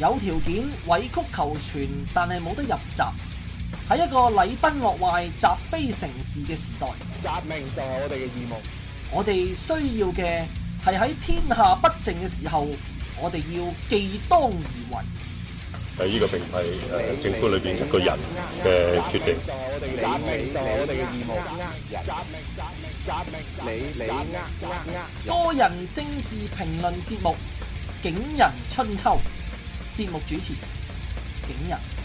有條件委曲求全，但係冇得入閘。喺一個禮崩樂壞、積非成是嘅時代，革命就係我哋嘅義務。我哋需要嘅係喺天下不正嘅時候，我哋要既當而為。喺呢個並唔係誒政府裏邊一個人嘅決定。就係我哋革命，就係我哋嘅義務。革命革命，革命，你、嗯、你、嗯、多人政治評論節目《景仁春秋》。節目主持，景仁。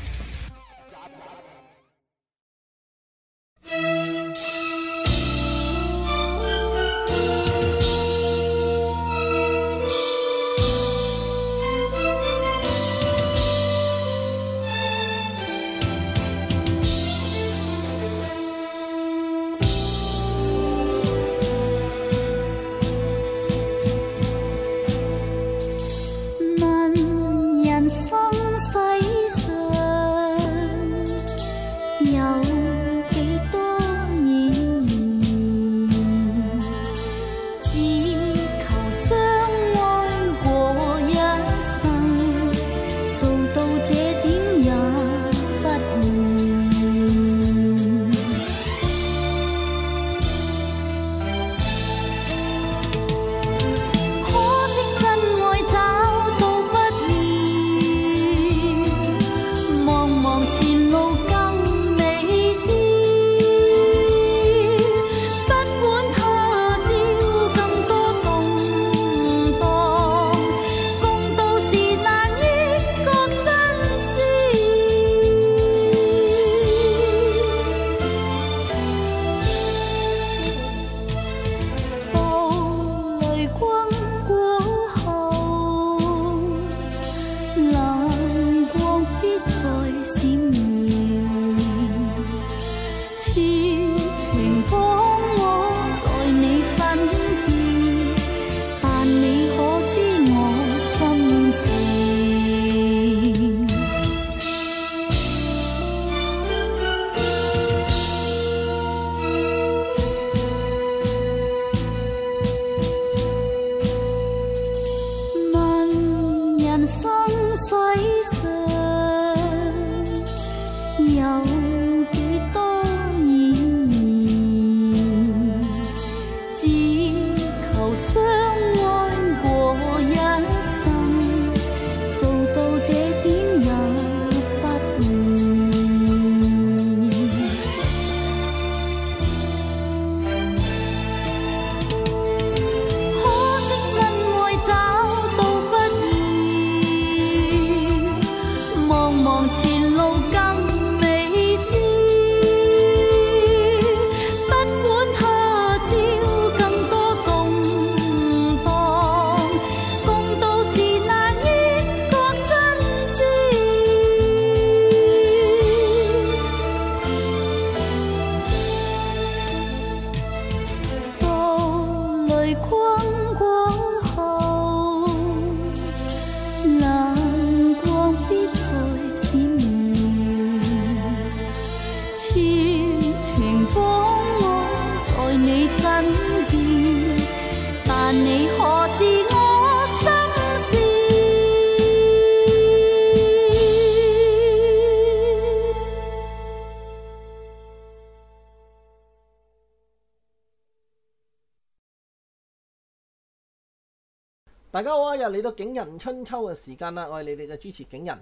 大家好，又嚟到景仁春秋嘅時間啦！我係你哋嘅主持景仁，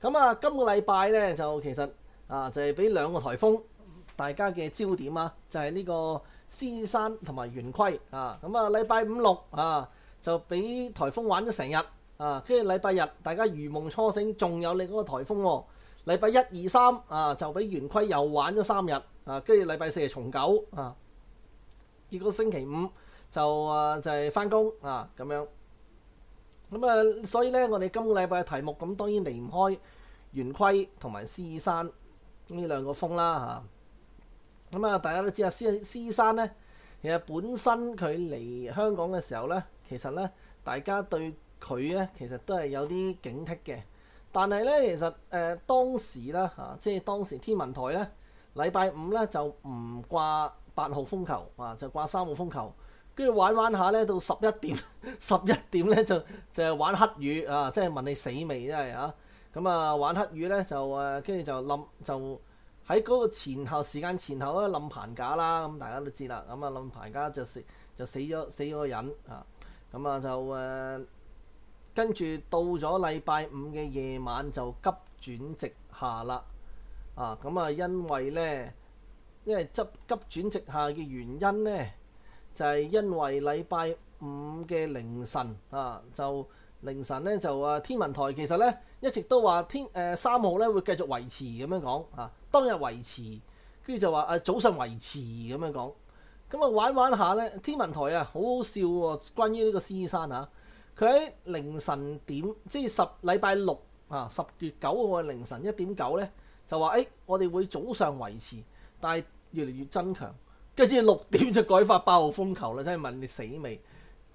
咁啊。今個禮拜咧就其實啊，就係、是、俾兩個颱風大家嘅焦點啊，就係、是、呢個獅子山同埋圓規啊。咁啊，禮拜五六啊就俾颱風玩咗成日啊，跟住禮拜日大家如夢初醒，仲有你嗰個颱風喎、哦。禮拜一二三啊就俾圓規又玩咗三日啊，跟住禮拜四係重九啊，結果星期五就啊就係返工啊咁樣。咁啊、嗯，所以咧，我哋今個禮拜嘅題目咁當然離唔開圓規同埋獅山呢兩個風啦嚇。咁啊、嗯，大家都知啊，獅獅山咧，其實本身佢嚟香港嘅時候咧，其實咧，大家對佢咧，其實都係有啲警惕嘅。但係咧，其實誒、呃、當時咧嚇、啊，即係當時天文台咧，禮拜五咧就唔掛八號風球啊，就掛三號風球。跟住玩玩下咧，到十一點，十 一點咧就就係玩黑雨啊！即係問你死未？真係啊！咁啊玩黑雨咧就誒，跟、啊、住就冧就喺嗰個前後時間前後咧冧，啊、棚架啦。咁大家都知啦。咁啊冧棚架就，就死就死咗死咗個人啊！咁啊就誒，跟、啊、住到咗禮拜五嘅夜晚就急轉直下啦。啊！咁啊，因為咧，因為執急轉直下嘅原因咧。就係因為禮拜五嘅凌晨啊，就凌晨咧就啊天文台其實咧一直都話天誒三號咧會繼續維持咁樣講啊，當日維持，跟住就話啊早上維持咁樣講，咁啊玩玩，玩下咧天文台啊好好笑喎、哦，關於呢個獅山啊，佢喺凌晨點即係十禮拜六啊十月九號嘅凌晨一點九咧就話誒、哎、我哋會早上維持，但係越嚟越增強。跟住六點就改發八號風球啦！真係問你死未？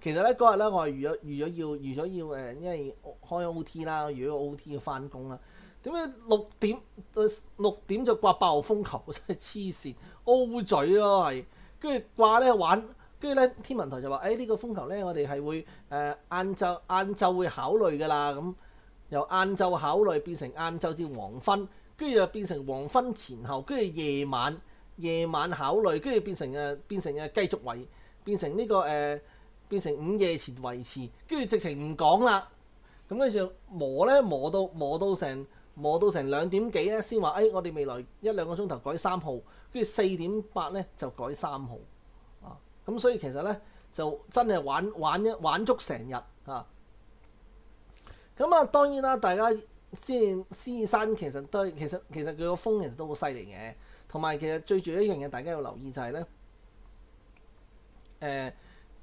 其實咧嗰日咧，我係預咗預咗要預咗要誒、呃，因為開 O.T. 啦，如果 O.T. 了要翻工啦。點解六點六點就掛八號風球？真係黐線 O 嘴咯、啊、係。跟住掛咧玩，跟住咧天文台就話：誒、哎、呢、呢個風球咧，我哋係會誒晏晝晏晝會考慮㗎啦。咁、嗯、由晏晝考慮變成晏晝至黃昏，跟住就變成黃昏前後，跟住夜晚。夜晚考慮，跟住變成誒，變成誒繼續維，變成呢、這個誒、呃，變成午夜前維持，跟住直情唔講啦。咁跟住磨咧，磨到磨到成，磨到成兩點幾咧，先話誒，我哋未來一兩個鐘頭改三號，跟住四點八咧就改三號啊。咁所以其實咧就真係玩玩一玩足成日啊。咁啊，當然啦，大家先獅山其實都係，其實其實佢個風其實都好犀利嘅。同埋其實最主要一樣嘢，大家要留意就係、是、咧，誒、呃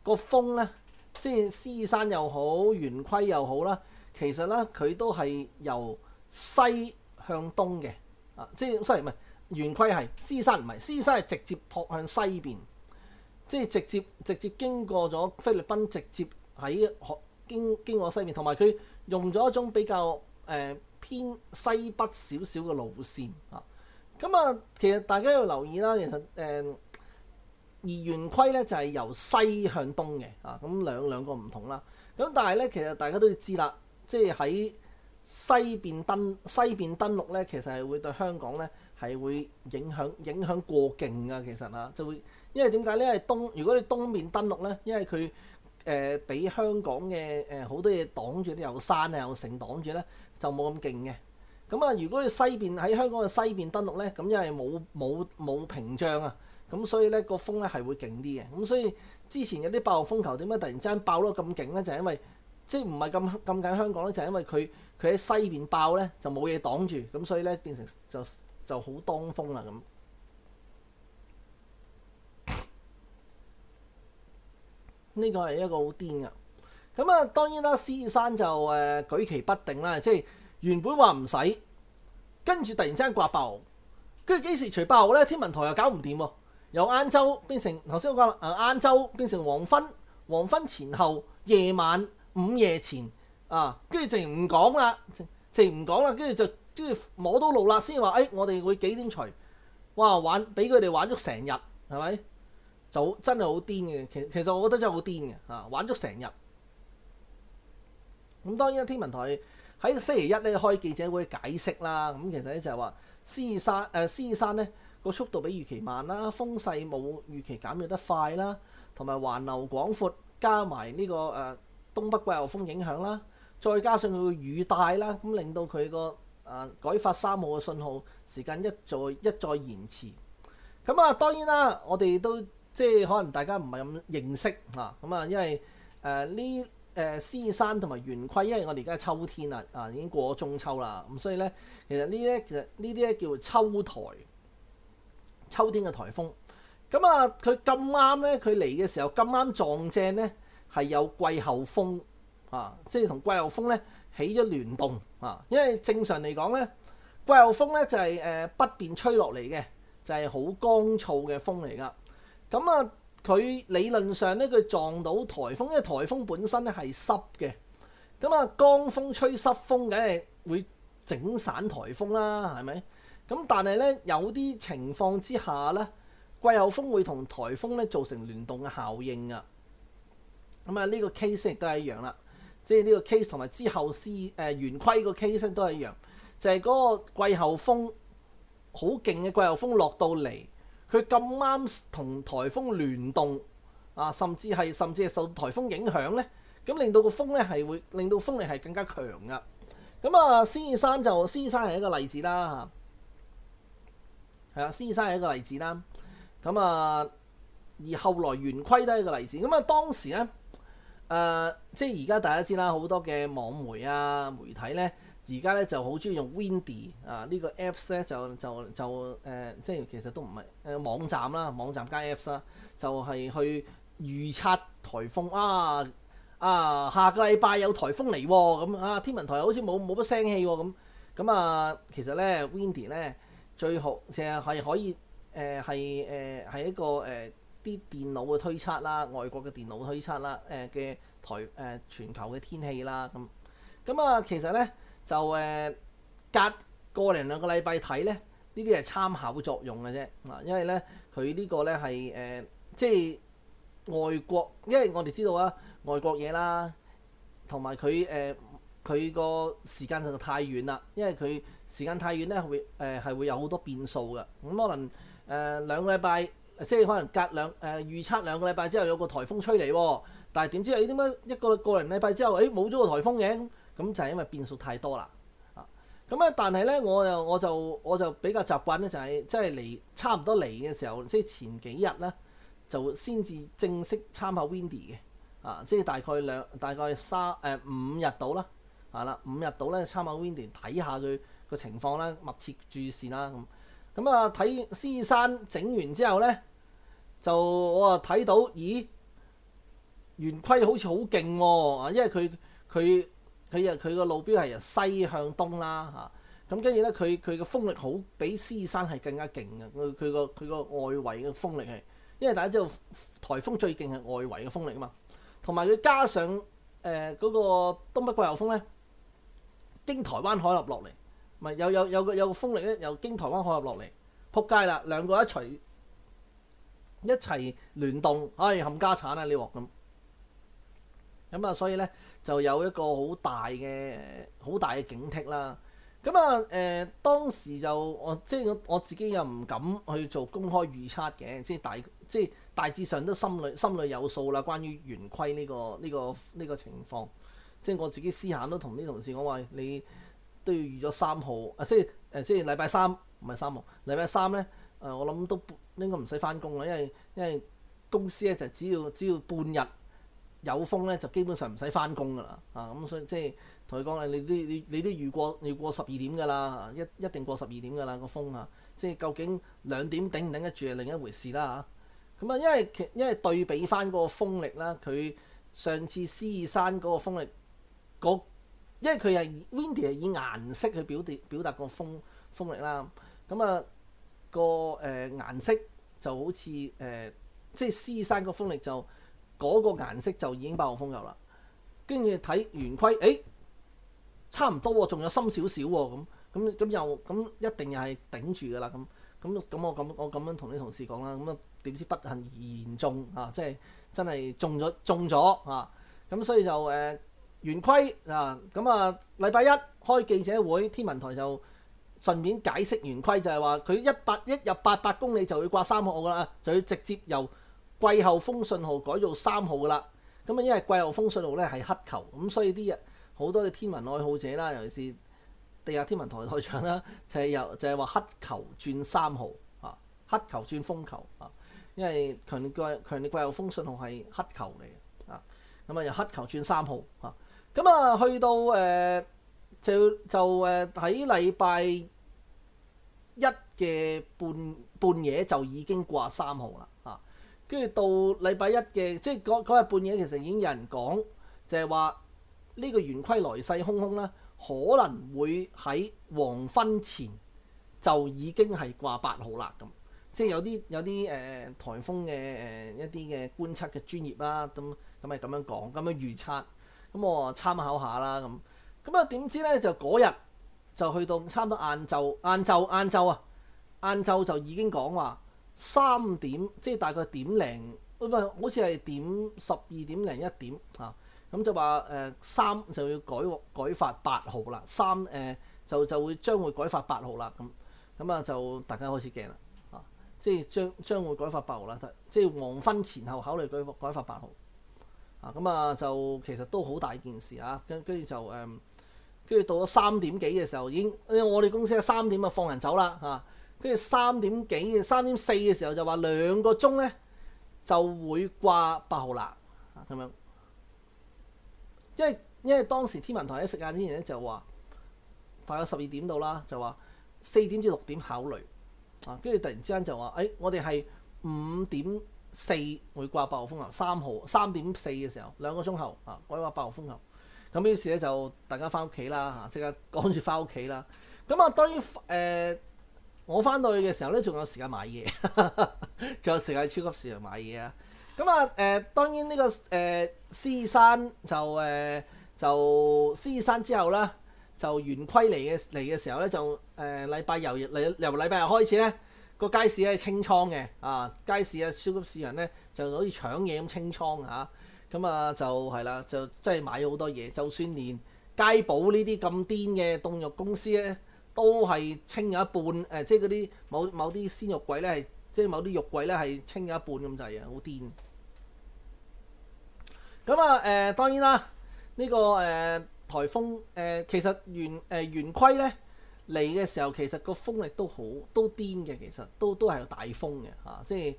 個風咧，即係獅山又好，圓規又好啦，其實咧佢都係由西向東嘅，啊，即係 sorry 唔係圓規係，獅山唔係，獅山係直接撲向西邊，即係直接直接經過咗菲律賓，直接喺可經經過西邊，同埋佢用咗一種比較誒、呃、偏西北少少嘅路線啊。咁啊、嗯，其實大家要留意啦，其實誒、呃、而圓規咧就係、是、由西向東嘅，啊咁兩兩個唔同啦。咁但係咧，其實大家都要知啦，即係喺西邊登西邊登陸咧，其實係會對香港咧係會影響影響過勁啊，其實啊就會，因為點解咧？因為東如果你東面登陸咧，因為佢誒俾香港嘅誒好多嘢擋住，啲有山啊、有城擋住咧，就冇咁勁嘅。咁啊、嗯，如果佢西邊喺香港嘅西邊登陸咧，咁因為冇冇冇屏障啊，咁所以咧個風咧係會勁啲嘅。咁、嗯、所以之前有啲爆風球點解突然之間爆得咁勁咧？就係、是、因為即係唔係咁咁近香港咧，就係、是、因為佢佢喺西邊爆咧就冇嘢擋住，咁所以咧變成就就好當風啦、啊、咁。呢個係一個好癲嘅。咁、嗯、啊，當然啦，獅子山就誒、呃、舉棋不定啦，即係。原本話唔使，跟住突然之間掛爆，跟住幾時除爆咧？天文台又搞唔掂喎，由晏晝變成頭先我講啦，誒晏晝變成黃昏，黃昏前後、夜晚、午夜前啊，跟住直情唔講啦，直情唔講啦，跟住就即係摸到路啦，先話誒，我哋會幾點除？哇！玩俾佢哋玩足成日，係咪？就真係好癲嘅，其其實我覺得真係好癲嘅嚇、啊，玩足成日。咁當然天文台。喺星期一咧開記者會解釋啦，咁其實咧就係話，獅山誒獅山咧個速度比預期慢啦，風勢冇預期減弱得快啦，同埋環流廣闊加埋呢、這個誒、呃、東北季候風影響啦，再加上佢個雨帶啦，咁令到佢個誒改發三號嘅信號時間一再一再延遲。咁、嗯、啊當然啦，我哋都即係可能大家唔係咁認識啊。咁啊因為誒呢。呃誒獅子山同埋圓規，因為我哋而家秋天啦，啊已經過咗中秋啦，咁所以咧，其實呢啲其實呢啲咧叫做秋台，秋天嘅颱風。咁、嗯、啊，佢咁啱咧，佢嚟嘅時候咁啱撞正咧，係有季候風啊，即係同季候風咧起咗聯動啊。因為正常嚟講咧，季候風咧就係、是、誒、呃、北邊吹落嚟嘅，就係、是、好乾燥嘅風嚟噶。咁、嗯、啊～佢理論上咧，佢撞到颱風，因為颱風本身咧係濕嘅，咁、嗯、啊，江風吹濕風，梗係會整散颱風啦、啊，係咪？咁、嗯、但係咧，有啲情況之下咧，季候風會同颱風咧造成聯動嘅效應啊。咁、嗯、啊，呢、這個 case 亦都係一樣啦，即係呢個 case 同埋之後司誒、呃、圓規個 case 都係一樣，就係、是、嗰個季候風好勁嘅季候風落到嚟。佢咁啱同颱風聯動啊，甚至係，甚至係受颱風影響咧，咁、嗯、令到個風咧係會令到風力係更加強噶。咁、嗯、啊，獅子山就獅子山係一個例子啦，嚇，係啊，獅子山係一個例子啦。咁、嗯、啊，而後來圓規都係一個例子。咁、嗯、啊，當時咧，誒、呃，即係而家大家知啦，好多嘅網媒啊、媒體咧。而家咧就好中意用 Windy 啊！這個、呢個 Apps 咧就就就誒、呃，即係其實都唔係誒網站啦，網站加 Apps 啦，就係、是、去預測颱風啊啊！下個禮拜有颱風嚟喎、哦，咁啊天文台好似冇冇乜聲氣喎，咁咁啊。其實咧 Windy 咧最好成日係可以誒係誒係一個誒啲、呃、電腦嘅推測啦，外國嘅電腦推測啦誒嘅、呃、台誒、呃、全球嘅天氣啦，咁咁啊。其實咧～就誒隔個零兩個禮拜睇咧，呢啲係參考作用嘅啫。啊，因為咧佢呢個咧係誒，即係外國，因為我哋知道啊，外國嘢啦，同埋佢誒佢個時間實在太遠啦，因為佢時間太遠咧，會誒係、呃、會有好多變數嘅。咁、嗯、可能誒、呃、兩個禮拜，即係可能隔兩誒、呃、預測兩個禮拜之後有個颱風吹嚟喎，但係點知誒點解一個一個零禮拜之後誒冇咗個颱風嘅？咁、嗯、就係、是、因為變數太多啦，啊，咁啊，但係咧，我又我就我就比較習慣咧、就是，就係即係嚟差唔多嚟嘅時候，即、就、係、是、前幾日咧，就先至正式參考 windy 嘅，啊，即、就、係、是、大概兩大概三誒五日到啦，係、呃、啦，五日到咧、啊、參考 windy 睇下佢個情況啦，密切注視啦咁，咁啊睇獅、啊、山整完之後咧，就我啊睇到，咦，圓規好似好勁喎，啊，因為佢佢。佢又佢個路標係由西向東啦嚇，咁跟住咧，佢佢個風力好比獅山係更加勁嘅，佢佢個佢個外圍嘅風力係，因為大家知道颱風最勁係外圍嘅風力啊嘛，同埋佢加上誒嗰、呃那個東北季候風咧，經台灣海峽落嚟，咪有有有個有個風力咧，又經台灣海峽落嚟，撲街啦，兩個一齊一齊聯動，唉、哎、冚家產啊呢鑊咁。咁啊、嗯，所以咧就有一個好大嘅好大嘅警惕啦。咁、嗯、啊，誒、呃、當時就我即係我自己又唔敢去做公開預測嘅，即係大即係大致上都心裏心裏有數啦。關於圓規呢個呢、這個呢、這個情況，即係我自己私下都同啲同事講話，你都要預咗三號啊、呃，即係誒、呃、即係禮拜三唔係三號，禮拜三咧誒、呃、我諗都應該唔使翻工啦，因為因為公司咧就只要只要半日。有風咧就基本上唔使翻工噶啦，啊，咁所以即係同佢講啊，你都你你啲預過要過十二點噶啦，一一定過十二點噶啦個風啊，即係究竟兩點頂唔頂，頂得住係另一回事啦嚇。咁啊，因為因為對比翻個風力啦，佢上次獅山嗰個風力，嗰因為佢係 windy 係以顏色去表達表達個風風力啦。咁啊、嗰個誒、呃、顏色就好似誒，即係獅山個風力就。嗰個顏色就已經爆風球啦，跟住睇圓規，誒、哎、差唔多喎，仲有深少少喎，咁咁咁又咁一定又係頂住噶啦，咁咁咁我咁我咁樣同啲同事講啦，咁啊點知不幸而言中啊，即係真係中咗中咗啊，咁所以就誒圓、呃、規啊，咁啊禮拜一開記者會，天文台就順便解釋圓規就係話佢一百，一入八百公里就要掛三號噶啦，就要直接由季候風信號改做三號啦，咁啊，因為季候風信號咧係黑球，咁所以啲啊好多嘅天文愛好者啦，尤其是地下天文台台長啦，就係由就係話黑球轉三號啊，黑球轉風球啊，因為強烈，烈季強烈季候風信號係黑球嚟嘅啊，咁啊由黑球轉三號啊，咁啊去到誒、呃、就就誒喺禮拜一嘅半半夜就已經掛三號啦啊！跟住到禮拜一嘅，即係嗰日半夜，其實已經有人講，就係話呢個圓規來勢洶洶啦，可能會喺黃昏前就已經係掛八號啦咁。即係有啲有啲誒颱風嘅、呃、一啲嘅觀察嘅專業啦、啊，咁咁係咁樣講，咁樣預測，咁我參考下啦咁。咁啊點知咧就嗰日就去到差唔多晏晝，晏晝晏晝啊，晏晝就已經講話。三點即係大概點零，唔係好似係點十二點零一點啊？咁就話誒、呃、三就要改改發八號啦，三誒、呃、就就會將會改發八號啦咁。咁啊就大家開始驚啦啊！即係將將會改發八號啦，即係黃昏前後考慮改改發八號啊！咁啊就其實都好大件事啊！跟跟住就誒，跟、嗯、住到咗三點幾嘅時候已經，哎、我哋公司啊三點啊放人走啦啊！跟住三點幾、三點四嘅時候就話兩個鐘咧就會掛八號啦，咁樣。因為因為當時天文台喺食晏之前咧就話大概十二點到啦，就話四點至六點考慮啊。跟住突然之間就話誒、哎，我哋係五點四會掛八號風球，三號三點四嘅時候兩個鐘後啊會掛八號風球。咁於是咧就大家翻屋企啦，嚇、啊、即刻趕住翻屋企啦。咁啊當然誒。呃我翻到去嘅時候咧，仲有時間買嘢，仲有時間喺超級市場買嘢啊，啊！咁、呃、啊，誒當然呢、這個誒獅、呃、山就誒就獅子山之後啦，就圓規嚟嘅嚟嘅時候咧，就、呃、誒禮拜由日由禮拜日開始咧，個街市咧清倉嘅啊！街市啊，超級市場咧就好似搶嘢咁清倉嚇、啊，咁啊就係啦，就即係買咗好多嘢。就算連佳寶呢啲咁癲嘅凍肉公司咧～都係清咗一半，誒、呃，即係嗰啲某某啲鮮肉櫃咧，係即係某啲肉櫃咧係清咗一半咁滯啊，好癲。咁啊，誒、呃、當然啦，呢、這個誒、呃、颱風誒、呃、其實圓誒圓、呃、規咧嚟嘅時候，其實個風力都好都癲嘅，其實都都係有大風嘅嚇、啊，即係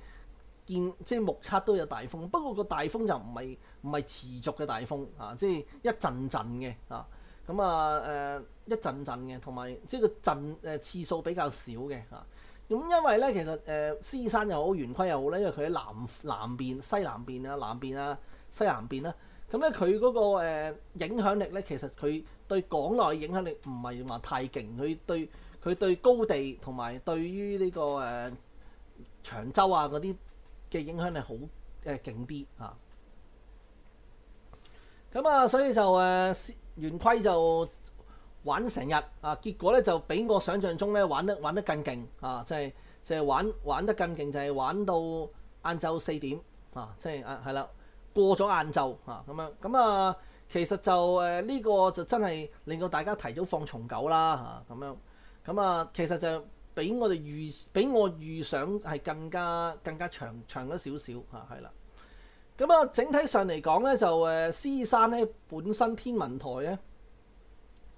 見即係目測都有大風。不過個大風就唔係唔係持續嘅大風嚇、啊，即係一陣陣嘅嚇。啊。咁啊，誒、嗯、一陣陣嘅，同埋即係個陣誒次數比較少嘅嚇。咁、嗯、因為咧，其實誒獅、呃、山又好，圓規又好咧，因為佢喺南南邊、西南邊啊、南邊啊、西南邊啦。咁、嗯、咧，佢嗰、嗰個、呃、影響力咧，其實佢對港內影響力唔係話太勁，佢對佢對高地同埋對於呢、呢個誒、呃、長洲啊嗰啲嘅影響力好誒勁啲嚇。咁、呃、啊、嗯，所以就誒。呃圓規就玩成日啊，結果咧就比我想象中咧玩得玩得更勁啊！即係即係玩玩得更勁、啊，就係玩到晏晝四點啊！即係啊，係啦，過咗晏晝啊咁樣咁啊，其實就誒呢、啊這個就真係令到大家提早放重九啦嚇咁樣咁啊，其實就比我哋預比我預想係更加更加長長咗少少嚇係啦。啊咁啊，整體上嚟講咧，就誒獅山咧本身天文台咧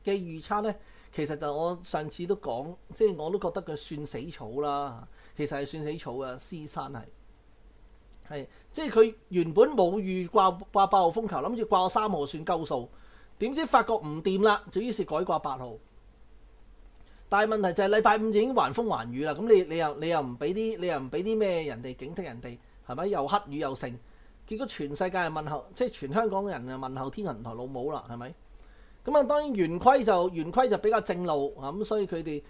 嘅預測咧，其實就我上次都講，即係我都覺得佢算死草啦。其實係算死草嘅獅山係係即係佢原本冇預掛掛八號風球，諗住掛三號算夠數，點知發覺唔掂啦，就於是改掛八號。但係問題就係禮拜五已經環風環雨啦，咁你你又你又唔俾啲你又唔俾啲咩人哋警惕人哋係咪又黑雨又盛？結果全世界係問候，即係全香港人就問候天文台老母啦，係咪咁啊？當然圓規就圓規就比較正路啊，咁所以佢哋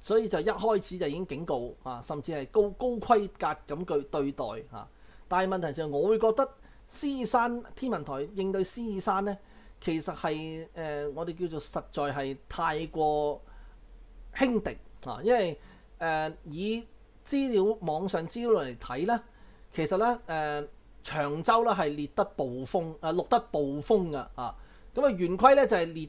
所以就一開始就已經警告啊，甚至係高高規格咁去對待啊。但係問題就係，我會覺得獅山天文台應對獅山咧，其實係誒、呃、我哋叫做實在係太過輕敵啊，因為誒、呃、以資料網上資料嚟睇咧，其實咧誒。呃長洲咧係列得暴風，啊，錄得暴風噶，啊，咁啊，圓規咧就係列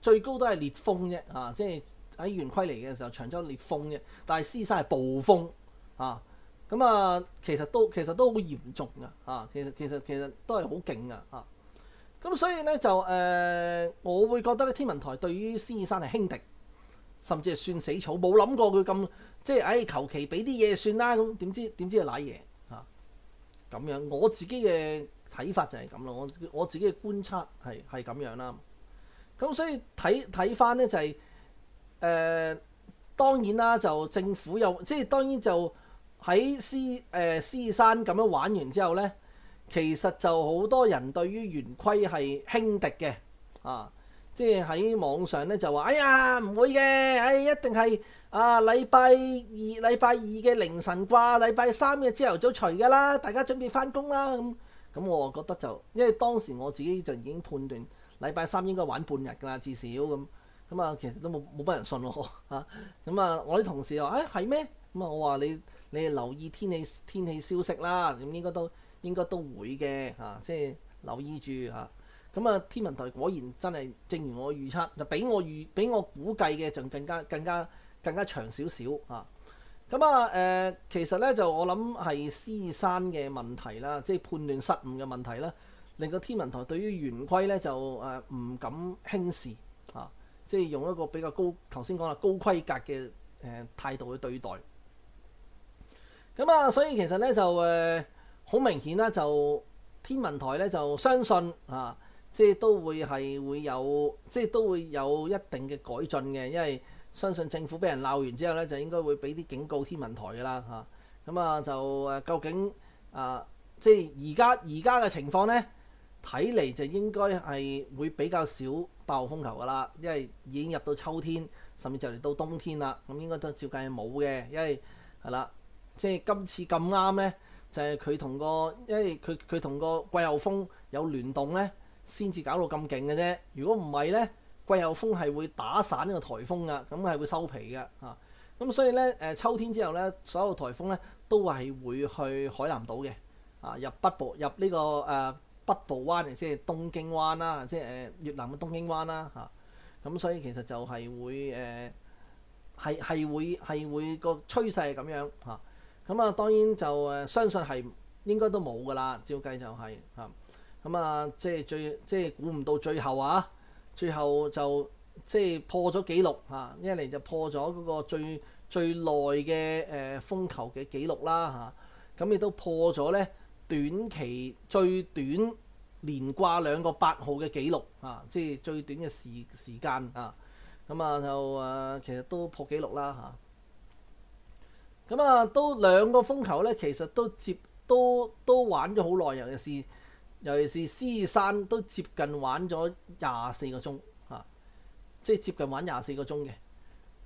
最高都係烈風啫，啊，即係喺圓規嚟嘅時候，長洲烈風啫，但係獅山係暴風，啊，咁啊，其實都其實都好嚴重噶，啊，其實其實其實都係好勁噶，啊，咁所以咧就誒、呃，我會覺得咧天文台對於獅山係輕敵，甚至係算死草，冇諗過佢咁，即係誒求其俾啲嘢算啦，咁、啊、點知點知係瀨嘢。咁樣我自己嘅睇法就係咁咯，我我自己嘅觀察係係咁樣啦。咁所以睇睇翻咧就係、是、誒、呃、當然啦，就政府又即係當然就喺獅誒獅山咁樣玩完之後咧，其實就好多人對於圓規係輕敵嘅啊，即係喺網上咧就話：哎呀，唔會嘅，誒、哎、一定係。啊！禮拜二、禮拜二嘅凌晨啩，禮拜三嘅朝頭早除噶啦，大家準備翻工啦咁。咁我覺得就，因為當時我自己就已經判斷，禮拜三應該玩半日噶啦，至少咁。咁啊，其實都冇冇乜人信我嚇。咁啊，啊，我啲同事又，哎、啊，係咩？咁啊，我話你，你留意天氣天氣消息啦。咁、啊、應該都應該都會嘅嚇，即、啊、係、就是、留意住嚇。咁啊，啊，天文台果然真係正如我預測，就比我預比我估計嘅就更加更加。更加長少少嚇，咁啊，誒、呃，其實咧就我諗係獅山嘅問題啦，即係判斷失誤嘅問題啦，令到天文台對於圓規咧就誒唔、呃、敢輕視嚇、啊，即係用一個比較高頭先講啦高規格嘅誒、呃、態度去對待。咁啊，所以其實咧就誒好、呃、明顯啦，就天文台咧就相信嚇、啊，即係都會係會有，即係都會有一定嘅改進嘅，因為。相信政府俾人鬧完之後咧，就應該會俾啲警告天文台㗎啦嚇。咁啊就誒、啊，究竟啊，即係而家而家嘅情況咧，睇嚟就應該係會比較少爆風球㗎啦，因為已經入到秋天，甚至就嚟到冬天啦。咁應該都照計係冇嘅，因為係啦，即係今次咁啱咧，就係佢同個，因為佢佢同個季候風有聯動咧，先至搞到咁勁嘅啫。如果唔係咧，季候風係會打散呢個颱風噶，咁係會收皮嘅嚇。咁、啊、所以咧，誒、呃、秋天之後咧，所有颱風咧都係會去海南島嘅，啊入北部入呢、這個誒、呃、北部灣，即係東京灣啦，即係、呃、越南嘅東京灣啦嚇。咁、啊啊、所以其實就係會誒，係、呃、係會係會個趨勢係咁樣嚇。咁啊，啊當然就誒、呃、相信係應該都冇㗎啦，照計就係、是、嚇。咁啊、嗯、啊即係最即係估唔到最後啊！最後就即係、就是、破咗紀錄嚇、啊，一嚟就破咗嗰個最最耐嘅誒風球嘅紀錄啦嚇，咁、啊、亦都破咗咧短期最短連掛兩個八號嘅紀錄啊，即係最短嘅時時間啊，咁啊就誒、呃、其實都破紀錄啦嚇，咁啊，啊都兩個風球咧，其實都接都都玩咗好耐尤其是。尤其是獅子山都接近玩咗廿四個鐘，嚇、啊，即係接近玩廿四個鐘嘅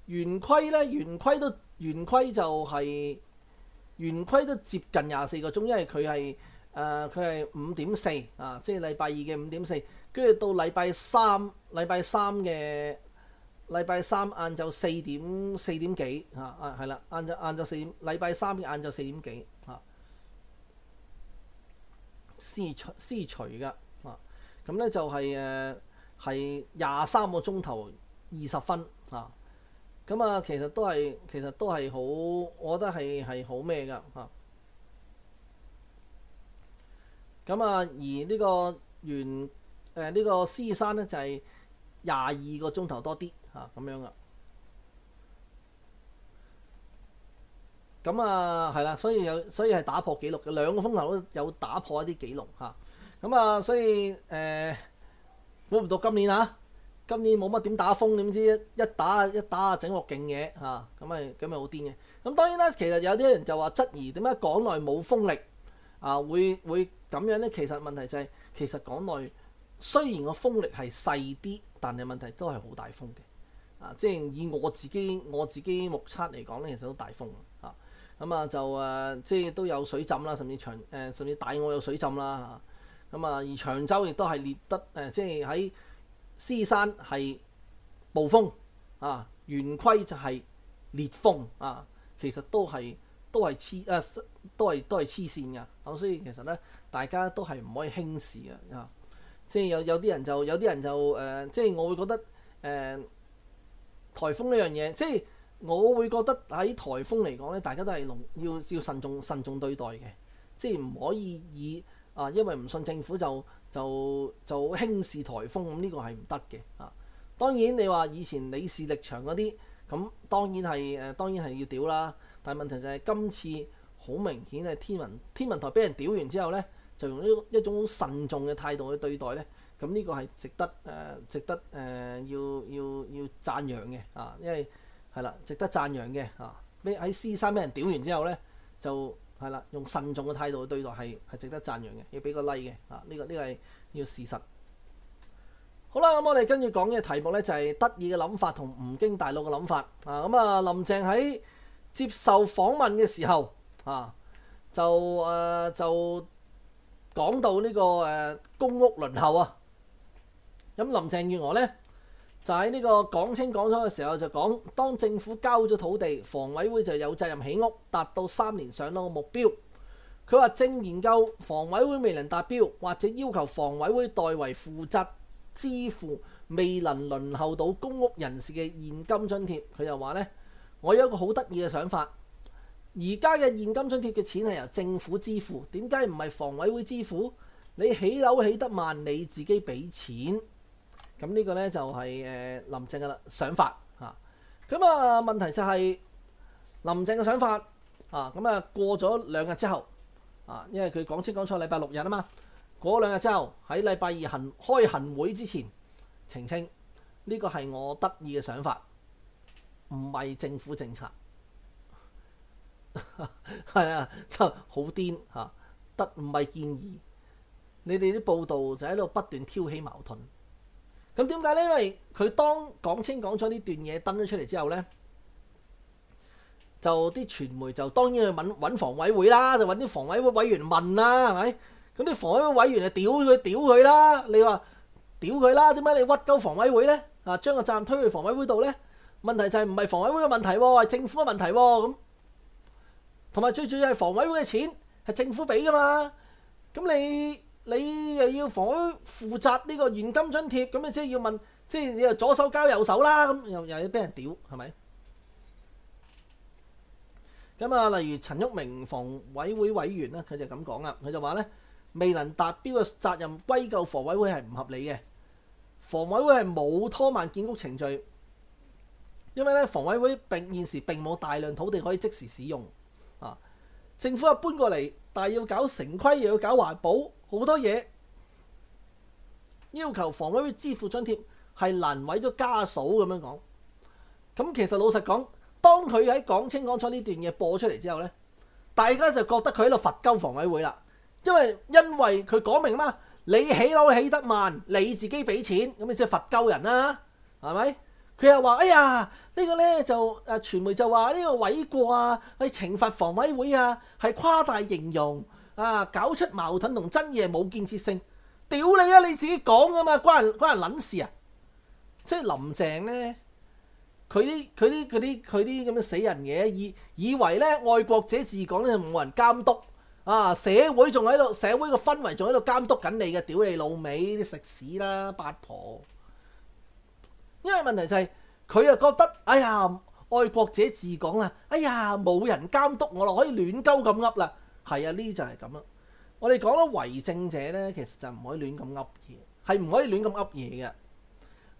圓規咧，圓規都圓規就係、是、，圓規都接近廿四個鐘，因為佢係誒佢係五點四啊，即係禮拜二嘅五點四，跟住到禮拜三禮拜三嘅禮拜三晏晝四點四點幾嚇，啊係啦，晏晝晏晝四點，禮拜三嘅晏晝四點幾嚇。啊私除私除噶啊，咁咧就係誒係廿三個鐘頭二十分啊，咁啊，啊其實都係其實都係好，我覺得係係好咩噶啊，咁啊而呢個圓，誒、啊、呢、這個獅山咧就係廿二個鐘頭多啲啊咁樣噶。咁啊，係啦、嗯，所以有，所以係打破紀錄嘅兩個風頭都有打破一啲紀錄嚇。咁啊、嗯，所以誒，估、呃、唔到今年啊，今年冇乜點打風，點知一打一打整個勁嘢嚇，咁咪咁咪好癲嘅。咁、嗯、當然啦，其實有啲人就話質疑點解港內冇風力啊，會會咁樣咧？其實問題就係、是、其實港內雖然個風力係細啲，但係問題都係好大風嘅啊。即係以我自己我自己目測嚟講咧，其實都大風。咁啊、嗯、就誒、呃，即係都有水浸啦，甚至長誒、呃，甚至大澳有水浸啦嚇。咁啊，而長洲亦都係列得誒、呃，即係喺獅山係暴風啊，圓規就係烈風啊，其實都係都係黐誒，都係都係黐線噶。咁、啊、所以，其實咧，大家都係唔可以輕視嘅啊。即係有有啲人就有啲人就誒、呃，即係我會覺得誒，颱、呃、風呢樣嘢即係。我會覺得喺颱風嚟講咧，大家都係隆要要慎重慎重對待嘅，即係唔可以以啊，因為唔信政府就就就輕視颱風咁呢、這個係唔得嘅啊。當然你話以前李氏力場嗰啲，咁、嗯、當然係誒、呃、當然係要屌啦。但係問題就係、是、今次好明顯係天文天文台俾人屌完之後咧，就用一一種好慎重嘅態度去對待咧，咁、嗯、呢、這個係值得誒、呃、值得誒、呃、要要要讚揚嘅啊，因為。係啦，值得讚揚嘅啊！你喺獅山俾人屌完之後咧，就係啦，用慎重嘅態度去對待，係係值得讚揚嘅，要俾個 like 嘅啊！呢個呢個係要事實。好啦，咁我哋跟住講嘅題目咧就係得意嘅諗法同唔經大腦嘅諗法啊！咁啊，林鄭喺接受訪問嘅時候啊，就誒就講到呢個誒公屋輪候啊。咁林鄭月娥咧？就喺呢個講清講楚嘅時候就，就講當政府交咗土地，房委會就有責任起屋，達到三年上樓嘅目標。佢話正研究房委會未能達標，或者要求房委會代為負責支付未能輪候到公屋人士嘅現金津貼。佢又話呢，我有一個好得意嘅想法，而家嘅現金津貼嘅錢係由政府支付，點解唔係房委會支付？你起樓起得慢，你自己俾錢。咁呢個呢，就係誒林鄭嘅想法嚇。咁啊問題就係林鄭嘅想法啊。咁啊過咗兩日之後啊，因為佢講清講楚禮拜六日啊嘛。嗰兩日之後喺禮拜二行開行會之前澄清呢個係我得意嘅想法，唔係政府政策係 啊，真好癲嚇，得唔係建議你哋啲報道就喺度不斷挑起矛盾。咁點解咧？因為佢當講清講楚呢段嘢登咗出嚟之後咧，就啲傳媒就當然去揾揾房委會啦，就揾啲房委會委員問啦，係咪？咁啲房委會委員就屌佢屌佢啦，你話屌佢啦？點解你屈鳩房委會咧？啊，將個站推去房委會度咧？問題就係唔係房委會嘅問題喎，係政府嘅問題喎，咁同埋最主要係房委會嘅錢係政府俾㗎嘛？咁你。你又要房委負責呢個現金津貼，咁你即係要問，即係你又左手交右手啦，咁又又要俾人屌係咪？咁啊，例如陳旭明房委會委員啦，佢就咁講啦，佢就話咧，未能達標嘅責任歸咎房委會係唔合理嘅。房委會係冇拖慢建屋程序，因為咧房委會並現時並冇大量土地可以即時使用啊。政府話搬過嚟，但係要搞城規，又要搞環保。好多嘢要求房委會支付津貼，係難為咗家嫂咁樣講。咁其實老實講，當佢喺講清講楚呢段嘢播出嚟之後咧，大家就覺得佢喺度罰鳩房委會啦。因為因為佢講明啊嘛，你起樓起得慢，你自己俾錢，咁你即係罰鳩人啦，係咪？佢又話：哎呀，這個、呢個咧就啊傳媒就話呢個諉過啊，去懲罰房委會啊，係誇大形容。啊！搞出矛盾同真嘢冇建設性，屌你啊！你自己講噶嘛，關關人撚事啊！即係林鄭咧，佢啲佢啲嗰啲佢啲咁樣死人嘢，以以為咧愛國者治港咧冇人監督啊！社會仲喺度，社會個氛圍仲喺度監督緊你嘅，屌你老味你食屎啦八婆！因為問題就係佢又覺得，哎呀愛國者治港啊，哎呀冇人監督我咯，可以亂鳩咁噏啦～係啊，呢就係咁啦。我哋講到為政者咧，其實就唔可以亂咁噏嘢，係唔可以亂咁噏嘢嘅，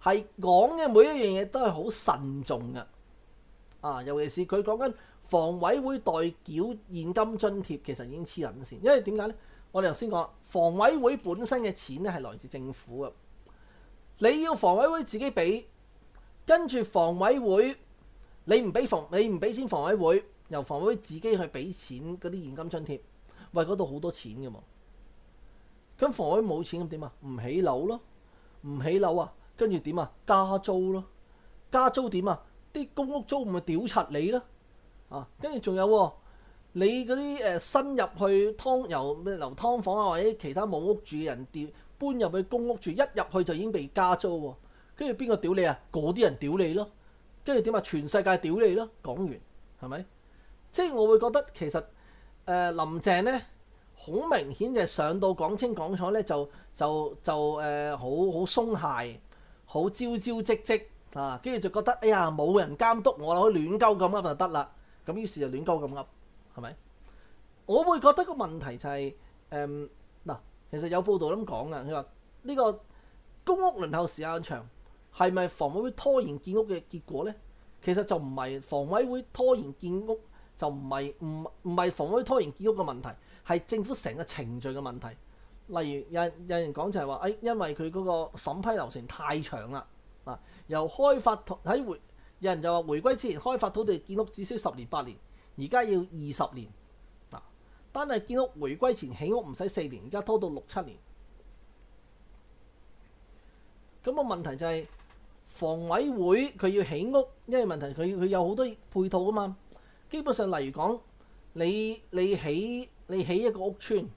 係講嘅每一樣嘢都係好慎重噶。啊，尤其是佢講緊房委會代繳現金津貼，其實已經黐人線，因為點解咧？我哋頭先講，房委會本身嘅錢咧係來自政府嘅，你要房委會自己俾，跟住房委會，你唔俾房，你唔俾錢房委會。由房委自己去俾錢嗰啲現金津貼，喂，嗰度好多錢嘅喎，咁房委冇錢咁點啊？唔起樓咯，唔起樓啊，跟住點啊？加租咯，加租點啊？啲公屋租咪屌柒你咯，啊，跟住仲有喎、哦，你嗰啲誒新入去劏油咩劏房啊，或者其他冇屋住嘅人跌搬入去公屋住，一入去就已經被加租喎、啊，跟住邊個屌你啊？嗰啲人屌你咯，跟住點啊？全世界屌你咯，講完係咪？即係我會覺得其實誒、呃、林鄭咧好明顯就上到港青港彩咧就就就誒、呃、好好鬆懈，好朝朝積積啊，跟住就覺得哎呀冇人監督我咯，可以亂鳩咁噏就得啦，咁於是就亂鳩咁噏，係咪？我會覺得個問題就係誒嗱，其實有報道咁講啊，佢話呢個公屋輪候時間長係咪房委會拖延建屋嘅結果咧？其實就唔係房委會拖延建屋。就唔係唔唔係房委會拖延建屋嘅問題，係政府成個程序嘅問題。例如有有人講就係話，誒、哎，因為佢嗰個審批流程太長啦。啊，由開發同喺回有人就話，回歸之前開發土地建屋只需十年八年，而家要二十年。啊，但係建屋回歸前起屋唔使四年，而家拖到六七年。咁、那個問題就係房委會佢要起屋，因為問題佢佢有好多配套啊嘛。基本上，例如講，你你起你起一個屋村，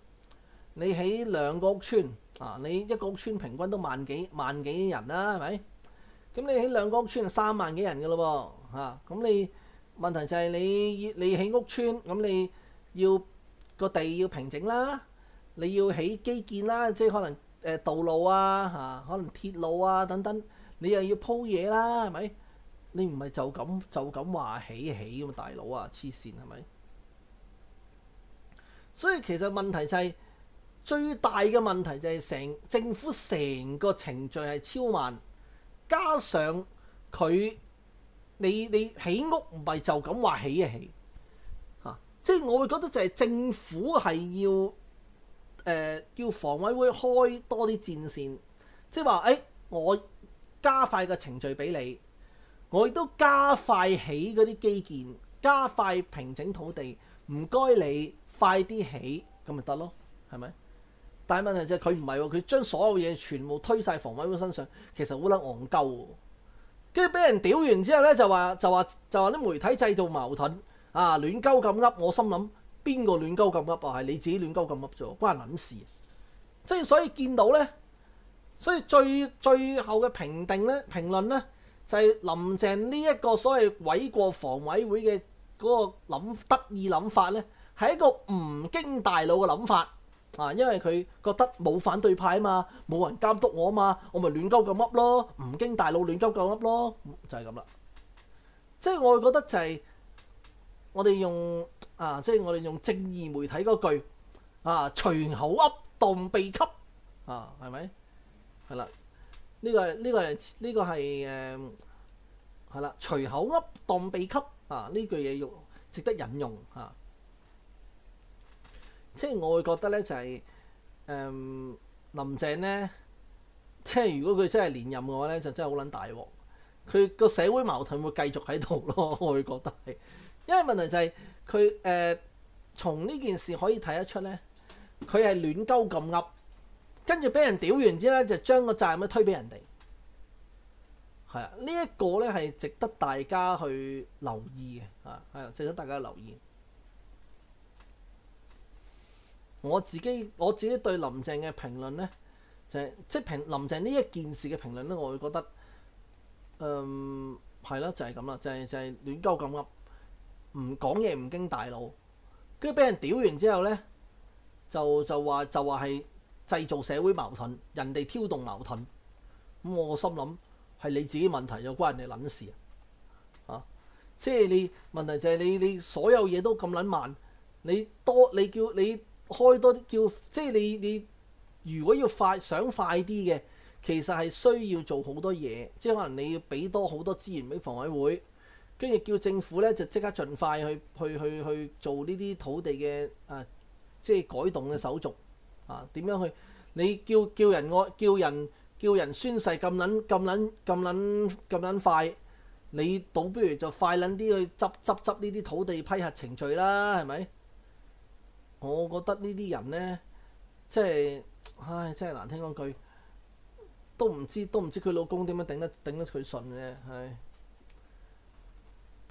你起兩個屋村啊，你一個屋村平均都萬幾萬幾人啦、啊，係咪？咁你起兩個屋村就三萬幾人噶咯喎，咁、啊、你問題就係你你起屋村，咁你要個地要平整啦，你要起基建啦，即係可能誒、呃、道路啊嚇、啊，可能鐵路啊等等，你又要鋪嘢啦，係咪？你唔係就咁就咁話起起嘅大佬啊，黐線係咪？所以其實問題就係、是、最大嘅問題就係成政府成個程序係超慢，加上佢你你屋起屋唔係就咁話起嘅起嚇，即係我會覺得就係政府係要誒、呃、叫房委會開多啲戰線，即係話誒我加快個程序俾你。我亦都加快起嗰啲基建，加快平整土地，唔該你快啲起咁咪得咯，係咪？但係問題就係佢唔係喎，佢將、哦、所有嘢全部推晒房委會身上，其實好撚戇鳩。跟住俾人屌完之後咧，就話就話就話啲媒體製造矛盾啊，亂鳩咁噏。我心諗邊個亂鳩咁噏啊？係你自己亂鳩咁噏咗，關撚事。即係所以見到咧，所以最最後嘅評定咧，評論咧。就係林鄭呢一個所謂毀過房委會嘅嗰個諗得意諗法咧，係一個唔經大腦嘅諗法啊！因為佢覺得冇反對派啊嘛，冇人監督我啊嘛，我咪亂鳩鳩噏咯，唔經大腦亂鳩鳩噏咯，就係咁啦。即係我覺得就係我哋用啊，即係我哋用正義媒體嗰句啊，隨口噏，當秘笈啊，係咪係啦？呢、這個呢、這個係呢、這個係誒係啦，隨、嗯、口噏當秘笈啊！呢句嘢要值得引用嚇、啊。即係我會覺得咧就係、是、誒、嗯、林鄭咧，即係如果佢真係連任嘅話咧，就真係好撚大鑊。佢個社會矛盾會繼續喺度咯，我會覺得係。因為問題就係佢誒從呢件事可以睇得出咧，佢係亂鳩咁噏。跟住俾人屌完之咧，就將個責任咧推俾人哋，係啊。呢一個咧係值得大家去留意嘅啊，係值得大家留意。我自己我自己對林鄭嘅評論咧，就係即係評林鄭呢一件事嘅評論咧，我會覺得嗯係啦，就係咁啦，就係就係亂鳩咁噏，唔講嘢唔經大腦，跟住俾人屌完之後咧，就就話就話係。製造社會矛盾，人哋挑動矛盾，咁、嗯、我心諗係你自己問題，就關人哋撚事啊！即係你問題就係你你所有嘢都咁撚慢，你多你叫你開多啲叫即係你你如果要快想快啲嘅，其實係需要做好多嘢，即係可能你要俾多好多資源俾房委會，跟住叫政府咧就即刻盡快去去去去去做呢啲土地嘅啊即係改動嘅手續。啊，點樣去？你叫叫人我叫人叫人宣誓咁撚咁撚咁撚咁撚快，你倒不如就快撚啲去執執執呢啲土地批核程序啦，係咪？我覺得呢啲人咧，即係唉，真係難聽講句，都唔知都唔知佢老公點樣頂得頂得佢順嘅，係。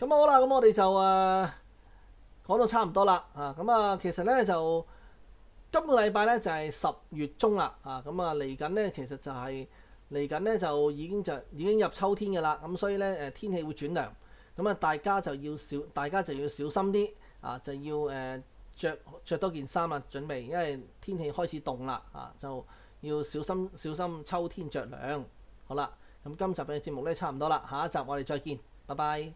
咁、嗯、好啦，咁、嗯、我哋就誒、啊、講到差唔多啦，啊，咁啊，其實咧就。今個禮拜咧就係十月中啦，啊咁啊嚟緊咧，其實就係嚟緊咧就已經就已經入秋天嘅啦。咁所以咧誒天氣會轉涼，咁啊大家就要小，大家就要小心啲啊，就要誒著著多件衫啊，準備，因為天氣開始凍啦啊，就要小心小心秋天着涼。好啦，咁今集嘅節目咧差唔多啦，下一集我哋再見，拜拜。